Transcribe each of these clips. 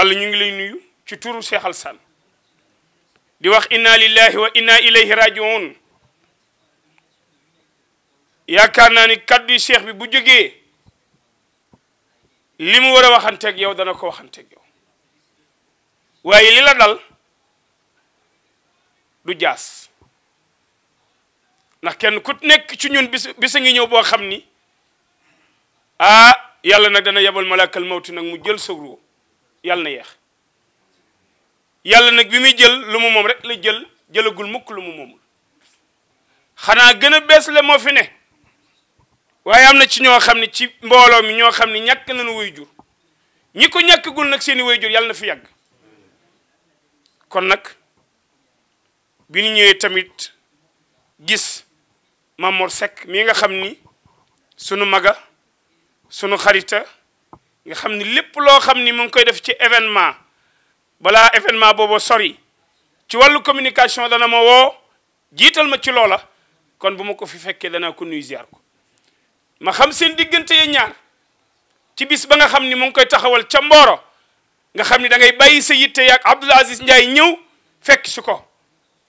walla ñu ngi lay nuyu ci turu seexal Alassane di wax inna lillahi wa inna ilayhi rajiun yaakaar naa ni kaddu yi bi bu jógee li mu war a waxanteeg yow dana ko waxanteeg yow waaye li la dal du jaas ndax kenn ku nekk ci ñun bis bis ngi ñëw boo xam ni ah yàlla nag dana yebal malakal mawti nag mu jël sa yàlla na yeex yàlla nag bi muy jël lumu moom rek la jël jëlagul mukk lu mu moomul xanaa gën a bees la moo fi ne waaye am na ci ñoo xam ne ci mbooloo mi ñoo xam ne ñàkk nañu way jur ñi ko ñàkkagul nag seeni way jur yàlla na fi yàgg kon nag bi ñu ñëwee tamit gis Mamor sekk mi nga xam ni sunu maga sunu xarita nga xam ni lépp loo xam ni mu ngi koy def ci événement balaa événement boobu sori ci wàllu communication dana ma woo jiital ma ci loola kon bu ma ko fi fekkee dana ko nuyu ko ma xam seen diggante ya ñaar ci bis ba nga xam ni mu ngi koy taxawal ca Mboro nga xam ni dangay ngay sa yitte yaag Abdoul Aziz Ndiaye ñëw fekk si ko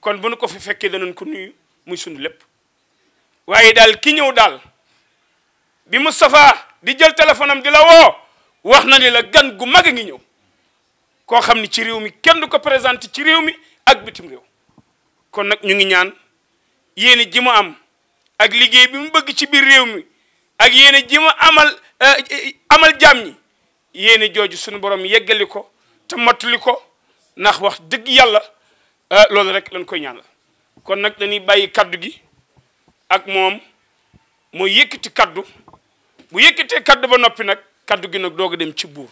kon bu nu ko fi fekkee danañ ko muy sunu lépp waaye daal ki ñëw daal bi Moustapha di jël téléphone am di la woo wax na ni la gan gu mag a ngi ñëw koo xam ni ci réew mi kenn du ko présenté ci réew mi ak bitim réew kon nag ñu ngi ñaan yéene ji am ak liggéey bi mu bëgg ci biir réew mi ak yéene jima amal eh, amal jaam ñi yéene jooju suñu borom yeggali ko te mottali ko ndax wax dëgg yàlla eh, loolu rek lañ koy ñaanal kon nag dañuy bayi kaddu gi ak moom moo yëkkati kaddu bu yëkkatee kaddu ba noppi nag kaddu gi nag doog a dem ci buur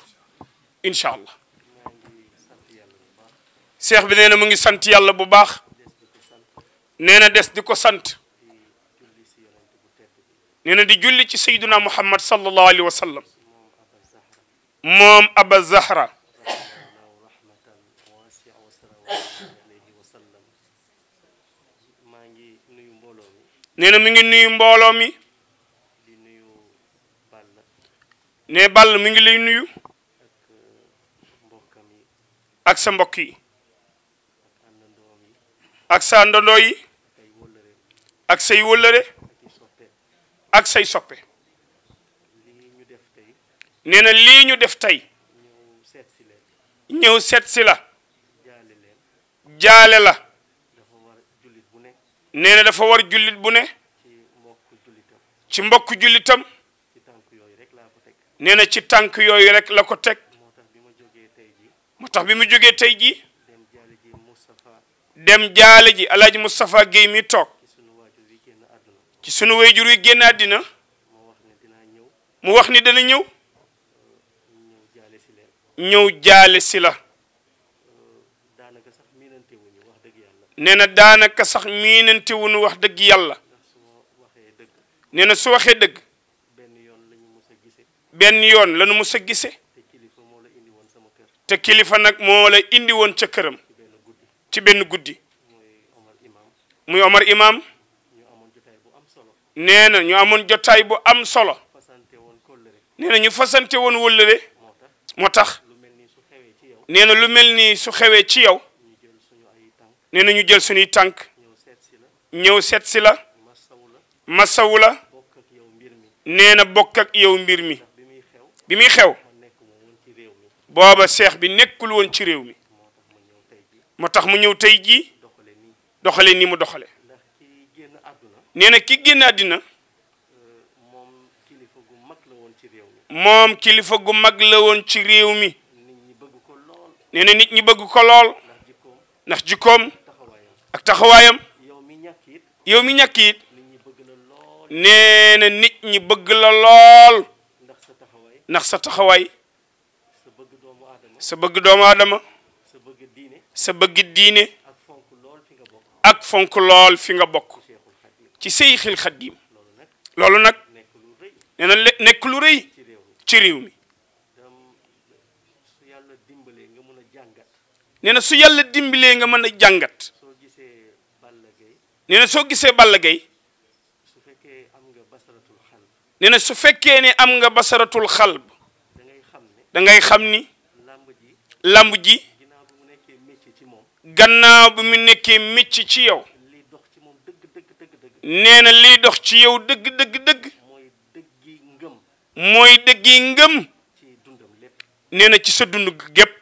incha allah seex bi nee mu ngi sant yàlla bu baax nee na des di ko sant nee di julli ci sayduna muhammad sallallahu alayhi wa sallam moom aba zahra nee mu ngi nuyu mbooloo ne Balla mu ngi lay nuyu ak sa mbokk yi ak sa àndandoo yi ak say wëllëre ak say soppe nee na lii ñu def tey ñëw seet si la jaale la nee na war jullit bu ne ci mbokk jullitam nee na ci tànk yooyu rek la ko teg moo tax bi mu jógee tey ji dem jaale ji alaaji Moustapha Guèye mi toog ci sunu wayjur wi génn àddina mu wax ni dana ñëw ñëw jaale si la nee na daanaka sax miinante wuñu wax dëgg yàlla nee na su waxee dëgg benn yoon lanu mu sa gise te kilifa nag moo la indi woon ca këram ci benn guddi muy Omar Imaam nee na ñu amoon jotaay bu am solo nee na ñu fasante woon wëllëre moo tax nee na lu mel ni su xewee ci yow nee na ñu jël suñuy tànk ñëw seet si la masawu la nee na bokk ak yow mbir mi bi muy xew booba seex bi nekkul woon ci réew mi moo tax mu ñëw tey jii doxale ni mu doxale nee na ki génn àddina moom kilifa gu mag la woon ci réew mi nee na nit ñi bëgg ko lool ndax jikkoom ak taxawaayam yow mi ñàkk it nee na nit ñi bëgg la lool ndax sa taxawaay sa bëgg doomu aadama sa bëgg diine ak fonk lool fi nga bokk ci Seyxul Xadiim loolu nag nee na nekk lu rëy ci réew mi nee na su yàlla dimbalee nga mën a jàngat nee na soo gisee Balla Gaye nee na su fekkee ne am nga basaratul xalb da ngay xam ni làmb ji gannaaw bi mu nekkee mécc ci yow nee na liy dox ci yow dëgg dëgg dëgg mooy dëgg yi ngëm nee na ci sa dund gépp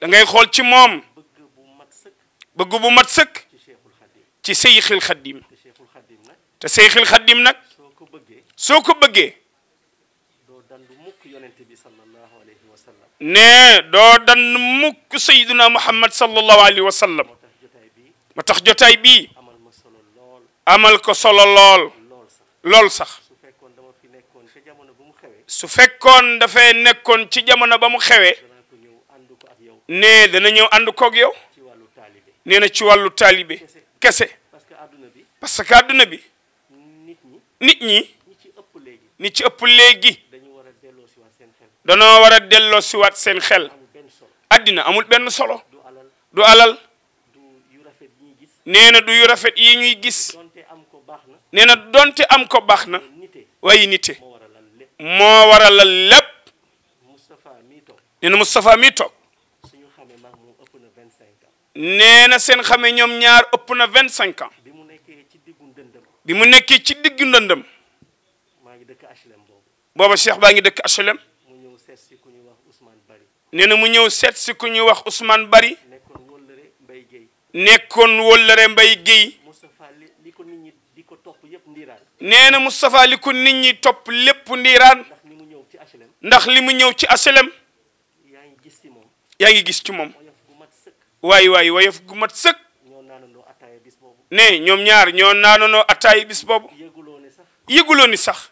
da ngay xool ci moom bëgg bu mat sëkk ci seyxil xaddim te seyxil xaddim nag soo ko bëggee doo dandu mukk yonent bi sallallahu alayhi wa sallam nee doo dandu mukk sayyiduna muhammad sallallahu alayhi wa sallam moo tax jotaay bii amal ko solo lool lool sax su fekkoon dafay nekkoon ci jamono ba mu xewee nee dana ñëw ànd koog yow nee na ci wàllu taalibe kese parce que àdduna bi nit ñi nit ñi ni ci ëpp léegi danoo war a delloo siwaat seen xel addina amul benn solo du alal nee na du yu rafet yi ñuy gis nee na donte am ko baax na waaye nite moo waralal lépp nee na Moustapha mi toog nee na seen xame ñoom ñaar ëpp na vingt cinq ans bi mu nekkee ci diggu ndëndëm booba cheikh baa ngi dëkk HLM. nee na mu ñëw seet si ku ñuy wax Ousmane Bari. nekkoon wóllëre Mbay Géy. nee na Moustapha li ko nit ñi topp lépp ndiiraan. ndax li mu ñëw ci HLM. yaa ngi gis ci moom. waay waay woyof gu mat sëkk. ne ñoom ñaar ñoo naanandoo ataay bis boobu. yëguloo ni sax.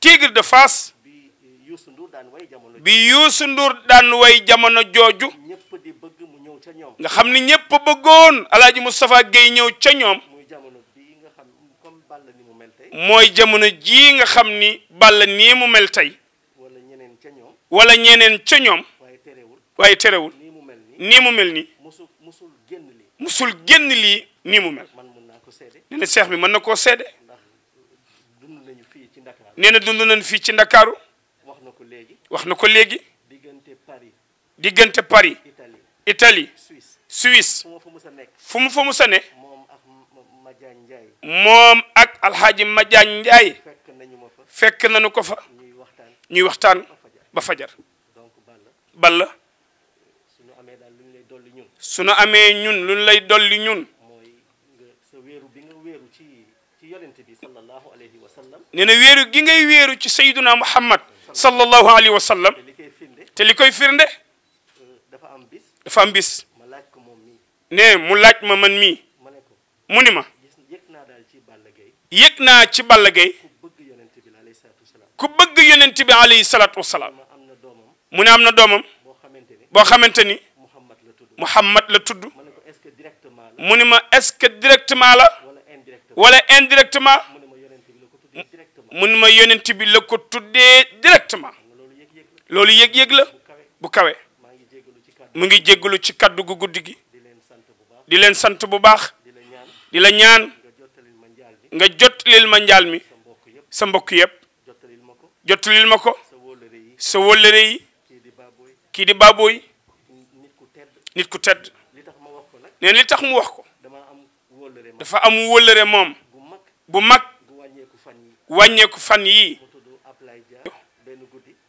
tigre de Fass bi Youssou Ndour daan way jamono bi Youssou Ndour daan way jamono jooju ñëpp bëgg mu ñëw ca ñoom nga xam ni ñëpp bëggoon alaaji Moustapha Guèye ñëw ca ñoom jamono bi nga xam comme Balla ni mu mel mooy jamono jii nga xam ni Balla nii mu mel tey wala ñeneen ca ñoom wala ñeneen ca ñoom waaye terewul waaye terewul nii mu mel nii nii mu mel nii musul musul génn lii musul génn lii nii mu mel man mën naa ko seede nee seex bi mën na koo seede nee na dund nañ fii ci Ndakaaru wax na ko léegi wax na ko léegi diggante Paris diggante Paris Italie Italie Suisse Suisse fu mu fa musa nekk fu mu fa moom ak Madiagne Ndiaye moom ak alxaaji Madiagne Ndiaye fekk nañu ma fekk nañu ko fa ñuy waxtaan ñuy waxtaan ba fajar donc Balla su euh, suñu amee daal lu ñu lay dolli ñun suñu amee ñun lu ñu lay dolli ñun mooy sa bi nga wéeru ci ci yonent nee na wéeru gi ngay wéeru ci sayyiduna muhammad sallallahu alayhi wa sallam te li koy firnde euh, dafa am bis dafa am bis ne mu laaj ma man mii mu ni ma yëg naa ci Balla Gaye ku bëgg yonent bi alayhi salaatu wasalaam mu ne am na doomam boo xamante ni Muhammad la tudd mu ni ma est-ce que la wala indirectement mun ma yonent bi la ko tuddee directement loolu yëg-yëg la bu kawe mu ngi jéggalu ci kaddu gu guddi gi di leen sant bu baax di la ñaan nga jottalil ma njaal mi sa mbokk yëpp jottalil ma ko sa wóllëre yi kii di baabooy nit ku tedd neen li tax mu wax ko dafa am wóllëre moom bu mag wàññeeku fan yii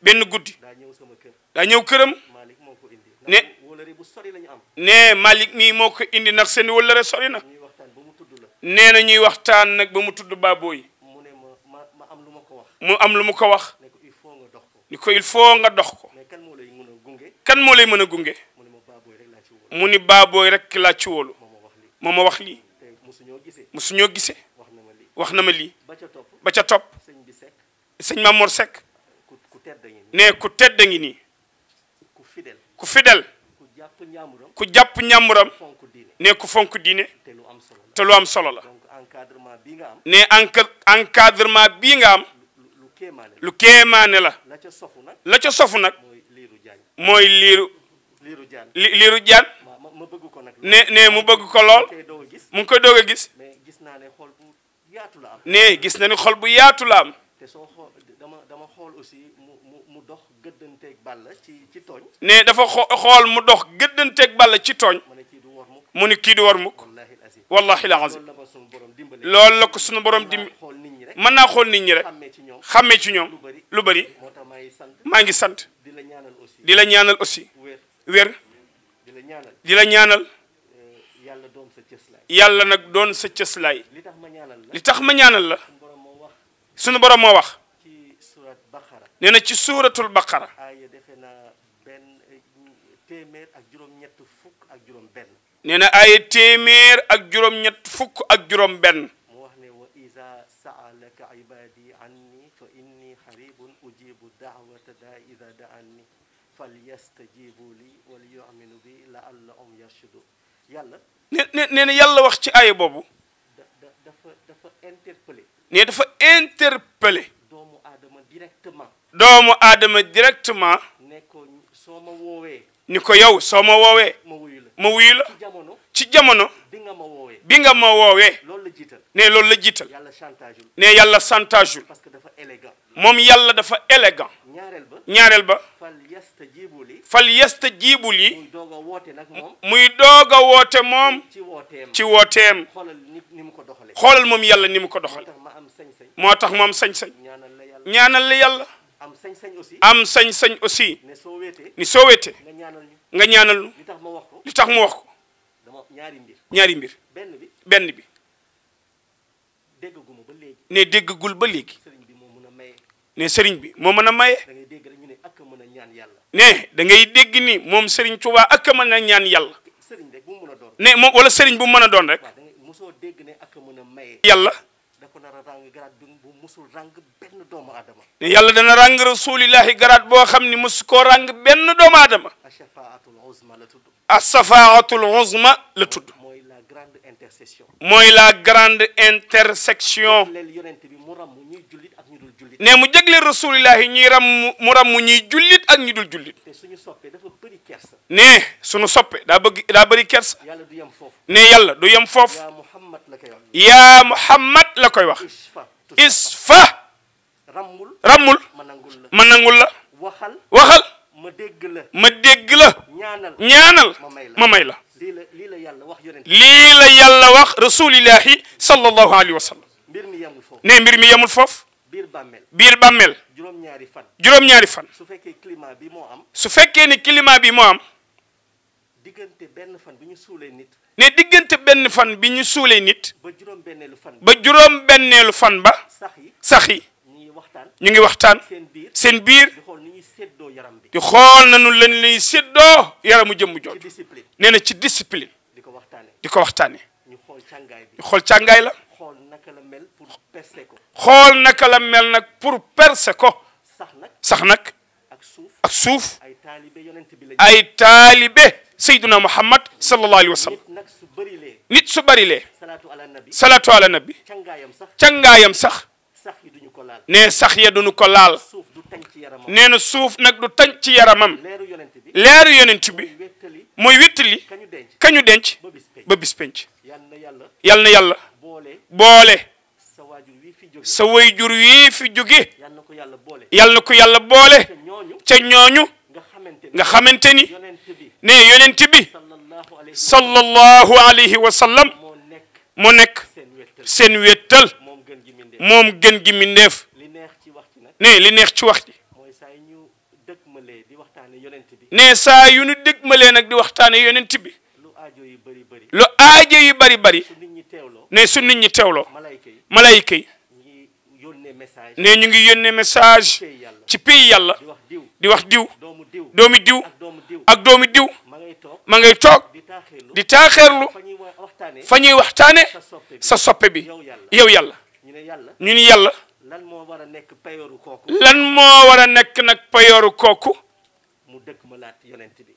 benn guddi daa ñëw këram ne ne Malick mii moo ko indi ndax seen wëllëre sori na nee na ñuy waxtaan nag ba mu tudd Baboye mu am lu mu ko wax ni ko il faut nga dox ko kan moo lay mën a gunge mu ni Baboye rek laa ci wolu moo ma wax lii musuñoo gisee musuñoo gisee wax na ma lii wax na ma lii ba ca topp ba ca topp sëñ bi sëñ Mamour Seck ku tedd ngi ne ku tedd ngi ni ku fidèle ku fidèle ku jàpp ñàmburam ku jàpp ñàmburam ne ku fonk diine te lu am solo la te lu am solo la encadrement bii nga am ne encadrement bii nga am lu kéemaane lu kéemaane la la ca sofu nag la ca sofu nag mooy liiru liiru jaan ne ne mu bëgg ko lool mu ngi koy doog a gis ne gis na ni xool bu yaatu la am ne dafa xool mu dox gëddanteeg Balla ci tooñ mu ni kii du war mukk wallahi la azim loolu la ko sunu borom dimbi mën naa xool nit ñi rek xàmmee ci ñoom lu bëri maa ngi sant di la ñaanal aussi wér di la ñaanal eh, yàlla doon sa cëslaay yàlla nag doon sa cëslaay li tax ma ñaanal la li tax ma ñaanal borom moo wax ci surat baqara nee na ci suuratul baqara aaya defe naa benn eh, téeméer ak juróom-ñett fukk ak juróom benn nee na aaya ak juróom-ñett fukk ak juróom benn wax ne wa iza saalaka ibadi anni fa inni falyastajibu li wal yu'minu bi la'allahum yarshudun yàlla ne nee yàlla wax ci aaya boobu dafa dafa interpellé ne dafa interpellé doomu aadama directement doomu aadama directement ne soo ma woowee ni ko yow soo ma woowee ma wuyu la ma wuyu la ci jamono ci jamono bi nga ma woowee bi nga ma woowee loolu la jiital ne loolu la jiital yàlla chantageul ne yàlla chantageul parce que dafa élégant moom yàlla dafa élégant ñaareel ba fal yastajiibu li muy doog a woote moom ci wooteem xoolal moom yàlla ni mu ko doxale moo tax moom sañ-sañ ñaanal la yàlla am sañ-sañ aussi ni soo wéete nga ñaanal lu li tax mu wax ko ñaari mbir benn bi ne déggagul ba léegi ne sëriñ bi moo mën a maye. ne da ngay dégg ni moom sëriñ Tuubaa ak a mën a ñaan yàlla. ne moom wala sëriñ bu mu mën a doon rek. yàlla. ne yàlla dana ràng rasulillahi garaat boo xam ni mosu koo ràng benn doomu aadama. asafaatul uzma la tudd. mooy la grande intersection. mooy la grande intersection. ne mu jagleel rasulillahi ñuy ram mu ram mu ñuy jullit ak ñu dul jullit. ne suñu soppe dafa bëri kersa. ne suñu soppe daa bëgg daa bëri kersa. yàlla du yem foofu. ne yàlla du yem foofu. yaa Muhammad la koy wax. yaa Muhammad la koy wax. isfa. rammul ramul ma nangul la ma nangul la. waxal waxal. ma dégg la ma dégg la. ñaanal ñaanal ma may la. lii la lii la yàlla wax yonent lii yàlla wax rasulillahi sallallahu alayhi wa sallam. mbir mi yemul foofu. ne mbir mi yemul foofu. biir bàmmeel biir juróom-ñaari fan juróom fan su fekkee climat bi moo am su fekkee ni climat bi moo am diggante benn fan bi ñu suulee nit ne diggante benn fan bi ñu suulee nit ba juróom-benneelu fan ba juróom fan ba sax yi sax yi ñu ngi waxtaan seen biir di xool nañu lan lañuy séddoo yaramu jëmm jooju nee na ci discipline di ko waxtaane ñu xool càngaay la xool naka la mel nag pour percer ko sax nag ak suuf ay taalibe sayduna muhammad sallallahu alayhi wa sallam nit su bëri lee salaatu ala nabi cangaayam sax ne sax ya duñu ko laal ne na suuf nag du tañ ci yaramam leeru yonent bi mooy wéttali kañu denc ba bis penc yal boole sa wayjur wii fi jóge yal na ko yàlla boole ca ñooñu nga xamante ni ne yonent bi sallallahu alayhi wa sallam mu nekk seen wéttal moom gën gi mindeef ne li neex ci wax ji ne saa yu nu dëgmalee nag di waxtaane yonent bi lu aajo yu bari bari ne su nit ñi teewloo malayka yi ne ñu ngi yónnee message ci pays yàlla di wax diw doomi diw ak doomi diw ma ngay toog di taaxeerlu fa ñuy waxtaane sa soppe bi yow yàlla ñu ni yàlla lan moo war a nekk nag payooru kooku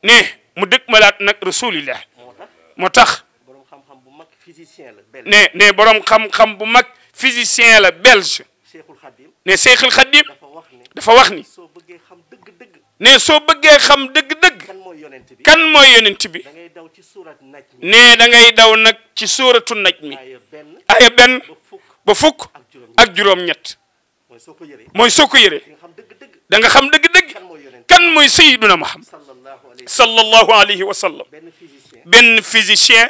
ne mu dëkk malaat nag rasulillah moo tax ne ne borom xam-xam bu mag physicien la belge ne Seyxul Xadim dafa wax ni ne soo bëggee xam dëgg-dëgg kan mooy yonent bi ne da ngay daw nag ci suuratu naj mi aya benn ba fukk ak juróom-ñett mooy soo ko yëree da nga xam dëgg-dëgg kan mooy Sayyiduna Muhammad sallallahu alayhi wa sallam benn physicien.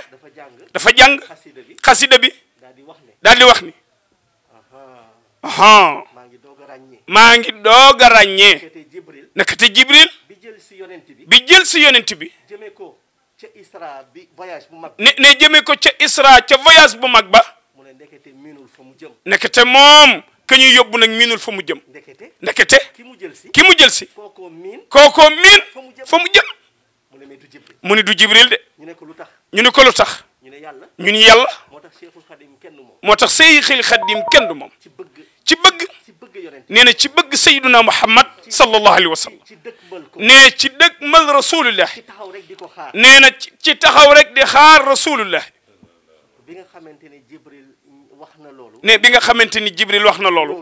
dafa jàng xasida bi daal di wax ni aha maa ngi doog a ràññee nakate jibril bi jël si yonent bi bi jël si yonent bi jëmee ko ca isra bi voyage bu mag ne ne jëmee ko ca isra ca voyage bu mag ba mu ne ndekete miinul fa mu jëm ndekete moom ka ñuy yóbbu nag miinul fa mu jëm ndekete ndekete ki mu jël si ki mu jël si kookoo miin kookoo miin fa mu jëm mu ne du jibril mu ne du jibril de ñu ne ko lu tax ñu ne ko lu tax ñu ne yàlla moo tax Seexul Xadim kenn du moom moo tax Seexul Xadim kenn du moom ci bëgg ci bëgg nee na ci bëgg sayyiduna Muhammad sallallahu alayhi wa sallam nee ci dëgg dëgmal rasulullah nee na ci taxaw rek di xaar rasulullah bi nga xamante ne Jibril wax na loolu ne bi nga xamante ni Jibril wax na loolu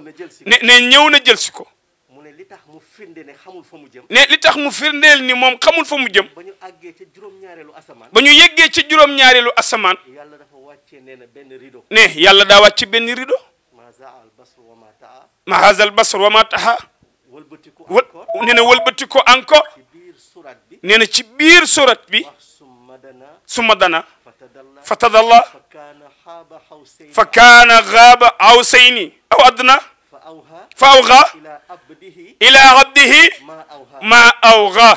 ne ne ñëw na jël si ko firnde ne mu jëm. ne li tax mu firndeel ni moom xamul fa mu jëm. ba ñu àggee ca juróom-ñaareelu asamaan. ba ñu yëggee ca juróom-ñaareelu asamaan. yàlla dafa wàccee nee na benn rido. ne yàlla daa wàcce benn rido. mahazal basr wa ma taha. wëlbatiku encore nee na wëlbatiku encore. nee na ci biir surat bi. summa dana. fatadalla. fa kaana xaaba xawsayni aw adna فأوغى إلى عبده ما أوغى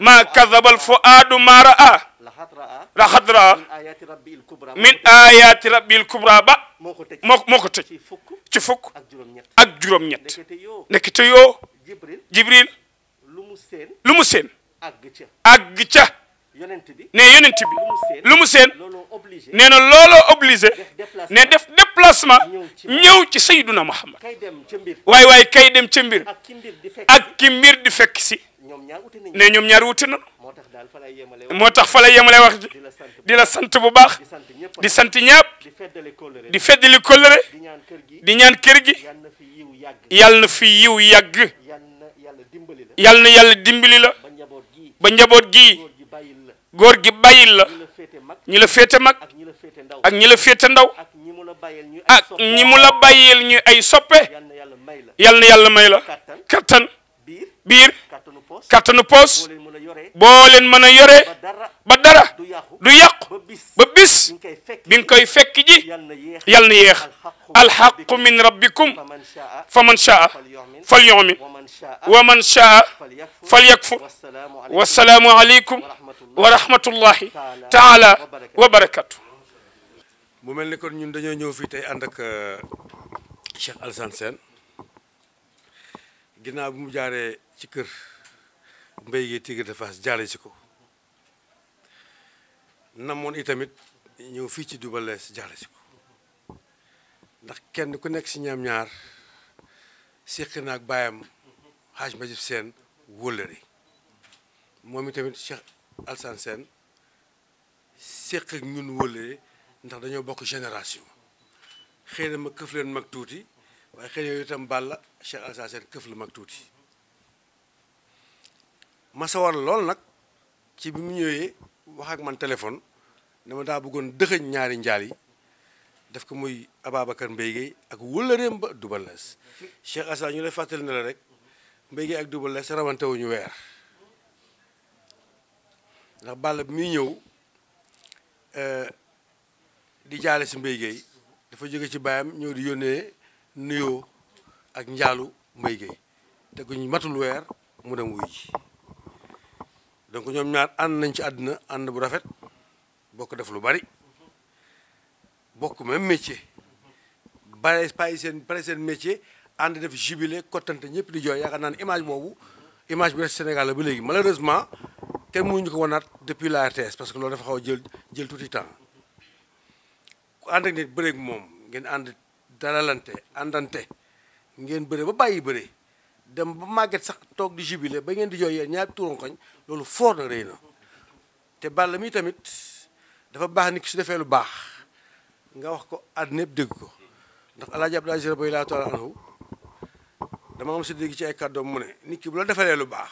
ما كذب الفؤاد ما رأى لقد رأى من آيات ربي الكبرى ba moo ko tëj ci fukk ak juróom-ñett nekkite yoo Jibril lu mu seen àgg ca ne yonent bi lu mu seen nee na looloo obligé ne def déplacement ñëw ci sayduna Muhammad waaye waaye kay dem ca mbir ak ki mbir di fekk si ne ñoom ñaar wuti na moo tax fa la yemale wax ji di la sant bu baax di sant ñaap di feddali kóllëre di ñaan kër gi yàlla na fi yiw yàgg yàlla na yàlla dimbali la ba njaboot gi góor gi bàyyil la ñi la féete mag ak ñi la féete ndaw ak ñi mu la bàyyil ñu ay soppe yal na yàlla may la kattan biir kattanu poos boo leen mën a yoree ba dara du yàqu ba bis bi nga koy fekk ji yal na yéex alxaqu min rabbikum fa man shaa fal yumin wa man shaa falyakfur wasalaamu aleykum wa rahmatullahi taala wa barakatu mu mel ni kon ñun dañoo ñëw fii tey ànd ak euh, Cheikh Alassane Sène ginnaaw bi mu jaaree ci kër mbéy gi Tigre de Fass jaare si ko namoon itamit ñëw fii ci Double Less jaare si ko ndax kenn ku nekk si ñaam ñaar séqi naag baayam xaaj Majib seen wóllëre moom itamit Cheikh Alsane Sène séq ak ñun wóllëre ndax dañoo bokk génération xëy na ma këf leen mag tuuti waaye xëy na yooyu itam Balla Cheikh Alsane Sène këf la mag tuuti ma sawar lool nag ci bi mu ñëwee wax ak man téléphone dama daa bëggoon dëxëñ ñaari njaal yi def ko muy abaabakar Mbaye Guèye ak wóllëreem ba Double Less Cheikh Alsane ñu lay fàttali na la rek Mbaye Gueye ak Double Less rawante wuñu weer ndax Balla bi muy ñëw euh, di jaale si Mbaye Gueye dafa jóge ci baayam ñëw di yónnee nuyoo ak njaalu Mbaye Gueye te ku ñu matul weer mu dem wuy ji donc ñoom ñaar ànd nañ ci àdduna ànd bu rafet bokk def lu bari bokk même métier bare pare seen pare ànd def jubilé kottante ñëpp di jooy yaakaar naa ne image boobu image bi reste Sénégal la ba léegi malheureusement kenn mënuñu ko wanaat depuis la RTS parce que loolu dafa xaw jël jël tuuti temps ku ànd ak nit bëreeg moom ngeen ànd dalalante àndante ngeen bëre ba bàyyi bëre dem ba màgget sax toog di jubilé ba ngeen di jooy yéen ñaar turonkoñ loolu foor na rëy na te Balla mi tamit dafa baax ni ki su defee lu baax nga wax ko àddina yëpp dégg ko ndax El Hadj Abdoulaye Boy laa dama am si dégg ci ay kàddoom mu ne nit ki bu la defalee lu baax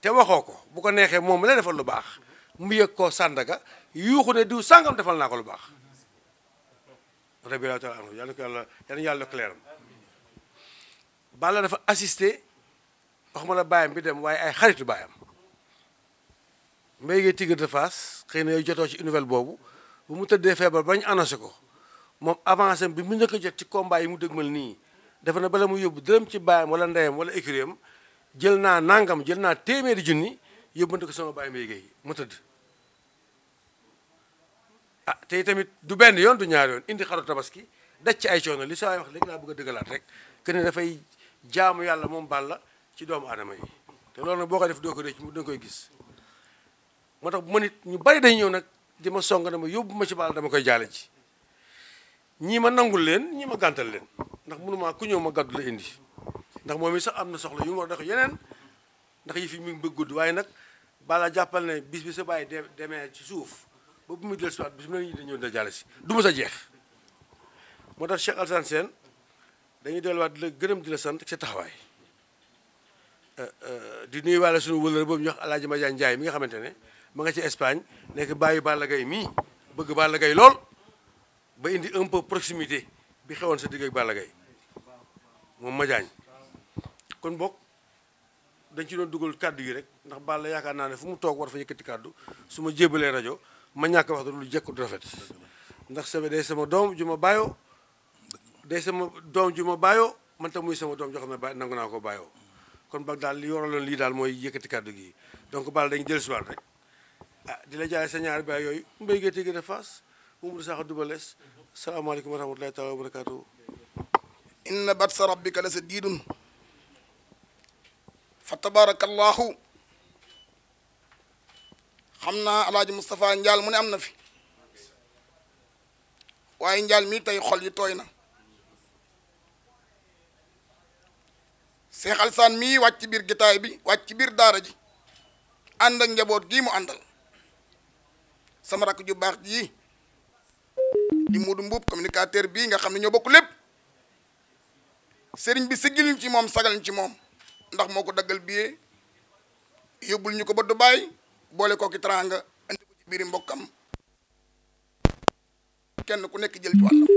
te waxoo ko bu ko neexee moom mi la defal lu baax mu yëg koo sàndaga yuuxu ne diw sàngam defal naa ko lu baax rabiallahu taala anhu yàlla ko yàlla yàlla yàlla clairam Balla dafa assisté waxuma la baayam bi dem waaye ay xaritu baayam mbéy ngay tigre de face xëy na yow jotoo ci nouvelle boobu bu mu tëddee feebar bañ annoncé ko moom avancé bi mu njëkk a jot ci combat yi mu dëgmal nii dafa na bala mu yóbbu dërëm ci baayam wala ndeyam wala écurie am jël naa nàngam jël naa téeméeri junni yóbbante ko sama baay mbay ma mu tëdd ah tey tamit du benn yoon du ñaar yoon indi xaru tabaski daj ci ay coono li saa wax léegi naa bëgg a dëggalaat rek que ne dafay jaamu yàlla moom la ci doomu aadama yi te loolu nag boo ko def doo ko rëcc mu da koy gis moo tax bu ma nit ñu bari dañ ñëw nag di ma song na ma yóbbu ma ci Balla dama koy jaale ji ñii ma nangul leen ñii ma gàntal leen ndax mënumaa ku ñëw ma gàddu la indi ndax moom i sax am na soxla yu mu war a yeneen ndax yi fi mi ngi bëgg gudd waaye nag balaa jàppal ne bis bi sa bàyyi demee ci suuf ba bu muy del siwaat bis mu ne ñi dañëw da jàlle si du ma sa jeex moo tax Cheikh Alassane Sène dañuy delluwaat di la gërëm di la sant sa taxawaay euh, euh, di nuyuwaale suñu wëlëra boobu ñu wax ma Madiagne Ndiaye mi nga xamante ne mu nga ci Espagne nekk bàyyi Balla Gaye mii bëgg Balla Gaye lool ba indi un peu proximité bi xewoon sa digg ak Balla Gaye moom Madiagne kon bokk dañ ci doon dugal kàddu yi rek ndax Balla yaakaar naa ne fu mu toog war fa yëkkati kàddu su ma jébalee rajo ma ñàkk wax dara lu jekku du rafet ndax sama day sama doom ju ma bàyyoo day sama doom ju ma bàyyoo man tam muy sama doom joo xam ne ba nangu naa ko bàyyoo kon bag daal li yoraloon lii daal mooy yëkkati kàddu gi donc Balla dañ jël si waat rek ah di la jaay sa ñaari baay yooyu mbéy gerte gi de Mamadou Sakho Double Less salaamaaleykum wa rahmatulahi taala wa barakaatu inna batsa rabbika la sadiidun fa tabarakallahu xam naa alaaji Moustapha njaal mu ne am na fi waaye njaal mii tey xol yi tooy na Seex Alsaan mii wàcc ci biir gitaay bi wàcc ci biir daara ji ànd ak njaboot gii mu àndal sama rakk ju baax ji di Modou Mbuub communicateur bii nga xam ne ñoo bokk lépp sëriñ bi siggil ñu ci moom sagal ñu ci moom ndax moo ko daggal billet yóbbul ñu ko ba Dubaay boole kooki teraanga andi ko ci biiri mbokkam kenn ku nekk jël ci wàllam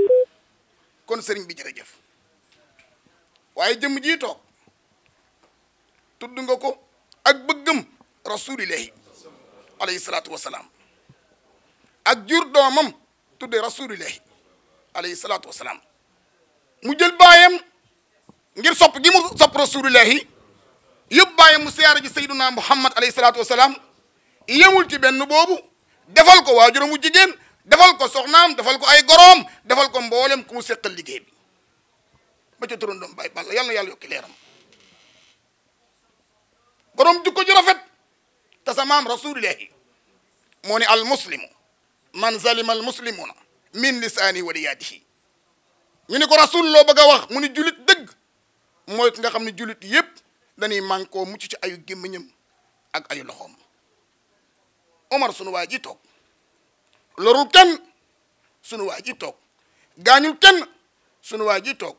kon sëriñ bi jërëjëf waaye jëm jii toog tudd nga ko ak bëggëm rasulillahi alayhi salaatu wasalaam ak jur doomam tuddee rasulillahi alayhi salaatu wa salaam mu jël baayam ngir sopp gi mu sopp rasulillahi yëpp baayam mu siyaara ji sayyiduna muhammad alayhi salaatu wa salaam yemul ci benn boobu defal ko waajuramu jigéen defal ko soxnaam defal ko ay goroom defal ko mboolem ku mu seqal liggéey bi ba ca turoon doom bàyyi balla yàlla na yàlla yokki leeram boroom jukko ju rafet te sa maam rasulillahi moo ne man zalima al muslimuna min lisaani wa yadihi ñu ni ko rasul loo ba a wax mu ni julit dëgg mooy ki nga xam ne julit yépp dañuy mànkoo mucc ci ayu gémmiñam ak ayu loxoom omar sunu waa ji toog lorul kenn sunu waa ji toog gaañul kenn sunu waa ji toog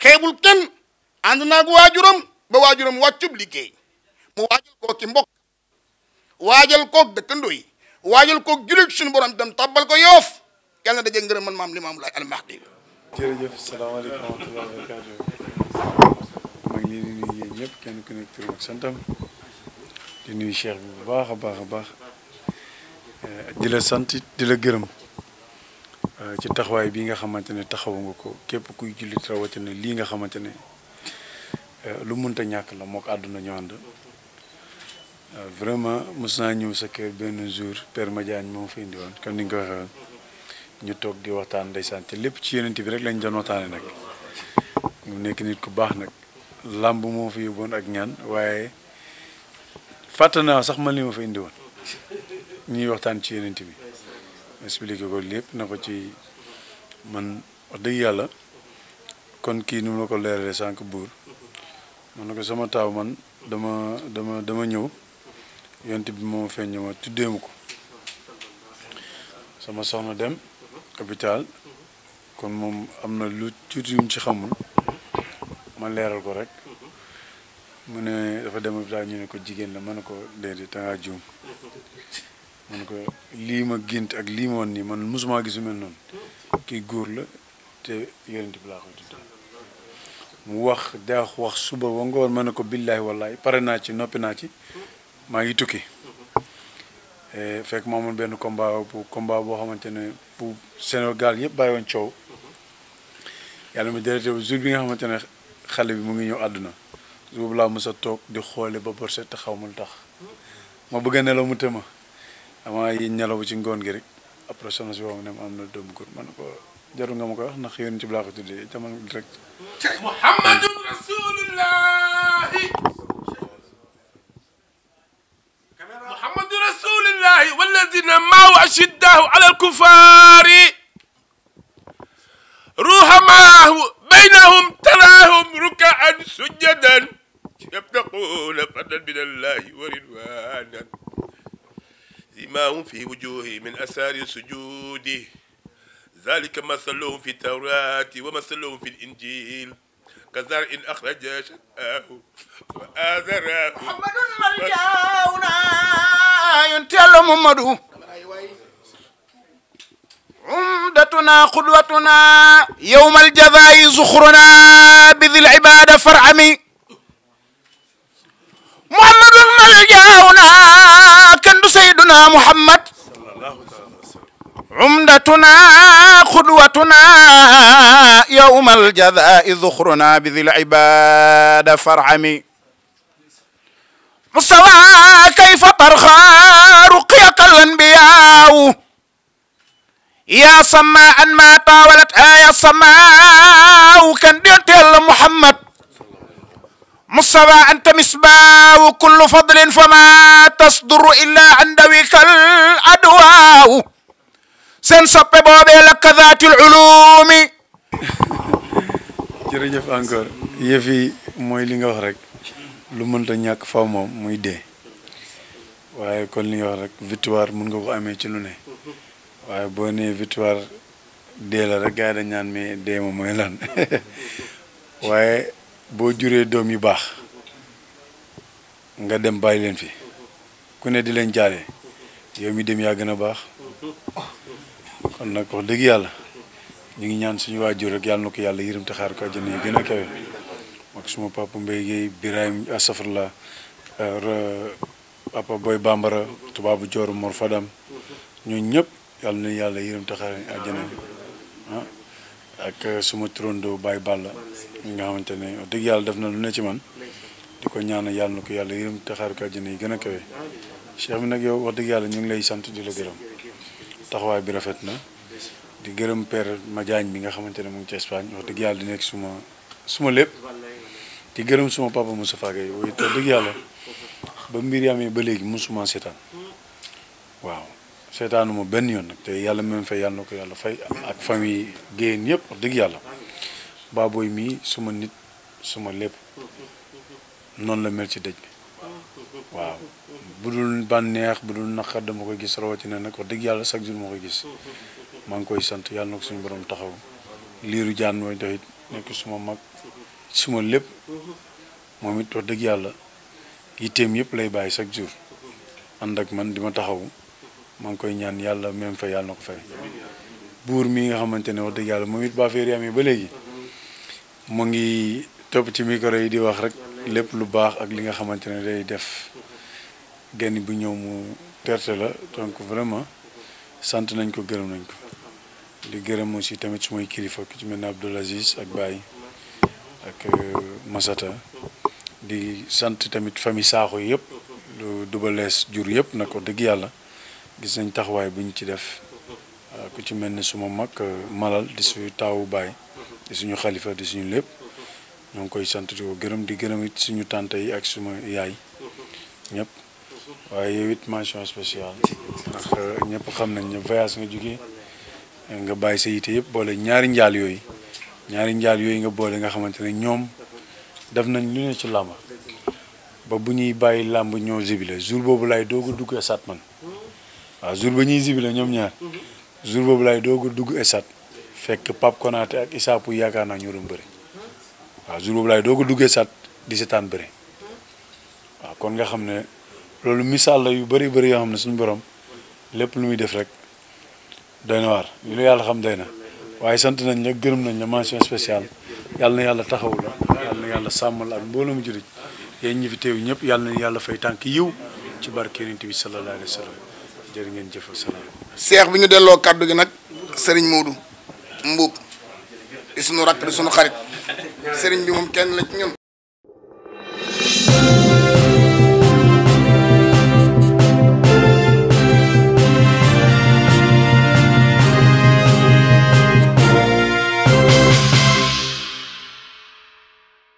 xeebul kenn ànd naag waajuram ba waajuram wàccub liggéey mu waajal koo ki mbok waajal koog dëkkandoo yi waajal ko julit suñu borom itam tabbal ko yoof yàlla na daje ngërëm man maam li Laay al Mahdi jërëjëf salaamaaleykum wa rahmatulah barakaatu maa ngi leen di ñëpp kenn ku nekk turam ak santam a baax a baax eh, di la sant di la gërëm eh, ci taxawaay bii nga xamante ne taxawu ko képp kuy jullit rawatina lii nga xamante ne eh, lu munta ñàkk la mook àdduna ñu ànd waaw euh, vraiment mos naa ñëw sa kër benn jour Père Madiagne moom fa indi woon comme ni nga ko waxee ñu toog di waxtaan ndeysaan te lépp ci yeneen bi rek lañ doon waxtaanee nag mu nekk nit ku baax nag làmb moo fi yóbboon ak ñaan waaye fàtte naa sax man li ma fa indiwoon ñuy waxtaan ci yeneen bi expliqué ko lépp na ko ci man dégg yàlla kon kii nu mu la ko leeralee sànq buur man na ko sama taaw man dama dama dama ñëw. yonent bi moom feeñ ñëw ma tuddee ma ko sama soxna dem hôpital kon moom am na lu tuuti yuñ ci xamul ma leeral ko rek mu ne dafa dem hôpital ñu ne ko jigéen la ma ne ko déedéet dangaa juum ma ne ko lii ma gént ak lii ma nii man mosuma gis lu mel noonu kii góor la te yonent bi laa koy tuddee mu wax daax wax suba wa nga ma ne ko billaahi wallaahi pare naa ci noppi naa ci maa ngi tukki eh, fekk moomoon benn combat bu boo xamante ne bu Sénégal yëpp bàyyi woon coow yàlla mi dérete bu jour bi nga xamante ne xale bi mu ngi ñëw àdduna jour boobu laa mës toog di xoole ba borset te xaw ma lu tax ma bëgg nelaw mu tëma dama yi ñelaw ci ngoon gi rek après soxna si wax ne ma am na doomu góor ko jarul nga ma koy wax ndax yoon ci bi laa ko tuddee jamono direct الله والذين معه أشداء على الكفار رحماء بينهم تراهم ركعا سجدا يبتغون فضلا من الله ورضوانا ما هم في وجوههم من أثار السجود ذلك مثلهم في التوراة ومثلهم في الإنجيل كزرع أخرج شتاه وآذراه محمد مرجعنا naa yonent Yàlla Muhammadu umdatuna qudwatuna yowma aljazaayi zuxruna bi dil ibaada farami muhammadun maljauna kendu sayduna muhammad umdatuna qudwatuna yowma aljazaayi zuxruna bi dil ibaada farami مستوى كيف ترخى رقيك الأنبياء يا سماء ما طاولت آية سماء كان ديتي محمد مستوى أنت مسباء كل فضل فما تصدر إلا عن دويك الأدواء سنسب بوبي لك ذات العلوم jërëjëf encore yëf yi mooy li nga wax rek lu mënta ñàkk faw moom muy dee waaye kon li nga wax rek victoire mun nga ko amee ci lu ne waaye boo nee victoire dee la rek gars yi dañ naan mais dee moom mooy lan waaye boo juree doom yu baax nga dem bàyyi leen fi ku ne di leen jaale yow mi dem yaa gën a baax kon nag wax dëgg yàlla ñu ngi ñaan suñu waajur rek yàlla na ko yàlla yërëm te xaar ko àjjana yi gën a kawe ak suma papa Mbaye Guèye Birahim Asafrla papa Boy Bambara tubaabu Jooru Mor Fadam ñooñ ñëpp yàlla na yàlla yërëm taxare àjjana ah ak suma turandoo Baye Balla mi nga xamante ne wax dëgg yàlla def na lu ci man di ko ñaanal yàlla na yàlla yërëm taxaare ko àjjana yi gën a kawe cheikh nag yow wax dëgg yàlla ñu ngi lay sant di la gërëm taxawaay bi rafet na di gërëm père Madiagne bi nga xamante ne mu ngi ci Espagne wax dëgg yàlla di nekk suma suma lépp ci gërëm suma papa Moustapha Gueye wuy te dëgg yàlla ba mbir yi amee ba léegi musuma seetaan waaw seetaanuma benn yoon nag te yàlla même fay yàlla ko yàlla fay ak famille géyeen dëgg yàlla baabooy mii suma nit suma lépp noonu la mel ci dëj waaw bu dul bànneex bu dul naqar dama koy gis rawatina nag wax dëgg yàlla chaque jour gis maa ngi koy sant yàlla na ko suñu borom taxaw liiru jaan mooy doxit nekk suma mag suma lépp moom it wax dëgg yàlla yitteem yëpp lay bàyyi chaque jour ànd ak man di ma taxawu maa ngi koy ñaan yàlla même fa yàlla na ko fay buur mi nga xamante ne wax dëgg yàlla moom it ba affaire yi amee ba léegi mu ngi topp ci micro yi di wax rek lépp lu baax ak li nga xamante ne day def gan bu ñëw mu terte la donc vraiment sant nañ ko gërëm nañ ko di gërëm aussi tamit sumay kilifa ku ci mel ne Abdoul Aziz ak Baye ak euh, Masata di sant tamit famille Sakho yëpp lu Double Less jur yëpp na ko dëgg yàlla gis nañ taxawaay bu ñu ci def ah, ku ci mel ni suma mag euh, Malal di suñu taawu baay di suñu xalifa di suñu lépp ñoo ngi koy sant di gërëm di gërëm it suñu tante yi ak suma yaay ñëpp waaye yow it mention spéciale ndax euh, ñëpp xam nañ ne voyage nga jógee nga bàyyi sa yite yëpp boole ñaari njaal yooyu. ñaari njaal yooyu nga boole nga xamante ne ñoom def nañ lu ne ci làmb ba bu ñuy bàyyi làmb ñoo jibile jour boobu laay doog a dugg esat man waaw jour ba ñuy jibile ñoom jour boobu laay doog a dugg esat fekk Pape Konaté ak Issa yaakaar naa ñoo doon bari waa jour boobu laay doog a dugg esat di seetaan bëri waaw kon nga xam ne loolu misaal la yu bari bari yoo xam ne suñu borom lépp lu muy def rek doy na waar lu yàlla xam doy na. waaye sant nañ la gërëm nañ la mention spéciale yàlla na yàlla taxawu la yàlla na yàlla sàmm sàmmal ak mbooloo mu jurit yéen ñi fi teew ñëpp yàlla nañu yàlla fay tànk yiw ci barke yonent bi sallallahu alayhi wa sallam jërë ngeen jëf salaam. seex bi ñu delloo kàddu gi nag Serigne moodu Mbuub di sunu rakk di sunu xarit Serigne bi moom kenn la ci ñun.